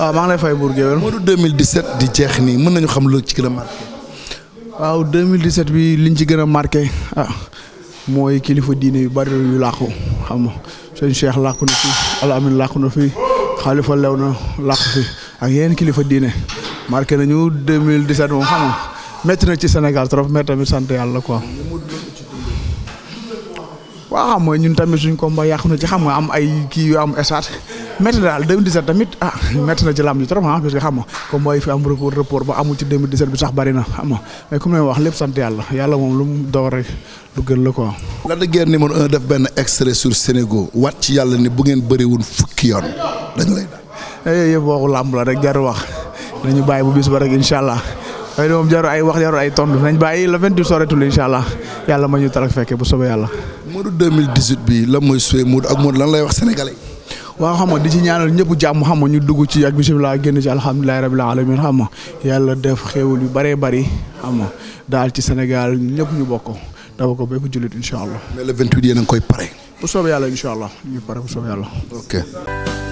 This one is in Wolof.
waaw maa ngi lay fay Bour Gueweul. Modou 2017 di jeex nii mën nañu xam lu ci gën a marqué. waaw 2017 bi liñ ci gën a marqué ah, mooy kilifa diine yu bari yu làqu xam nga sëñ Cheikh làqu na fi Alamin làqu na fi Khalifa na làqu fi ak yeneen kilifa diine marqué nañu 2017 moom xam nga na ci Sénégal trop mais tamit sant yàlla quoi. waaw mooy ñun tamit suñ combat yàqu na ci xam nga am ay kii yu am esaat. métti daal 2017 tamit ah métti na ci lamb ji trop ah parce que xam nga mooy fi am report ba amul ci bi sax bari na xam nga mais wax lépp sant yàlla yàlla moom lu mu door rek lu gën la quoi. Lac de Guiers def benn extrait sur Sénégal waat ci yàlla ni bu ngeen bëriwul fukki yoon dañu lay eh, la rek jarul wax nañu bàyyi bu bis ba rek incha allah waaye moom jarul ay wax jarul ay tontu nañ bàyyi le 28 soretul incha allah yàlla ma ñu tarak fekke bu soobee yàlla. Modou 2018 bi la mooy suy Modou ak Modou lan lay wax sénégalais. waaw xam nga di ci ñaanal ñëpp jàmm xam nga ñu dugg ci ak bisimilah génn ci alhamdulilah rabil alamin xam nga yàlla def xewul yu bëree bari xam daal ci Sénégal ñëpp ñu bokk dafa ko bépp jullit incha allah. mais le 28 yéen ngi koy pare. bu soobee yàlla incha allah ñu pare bu soobee yàlla.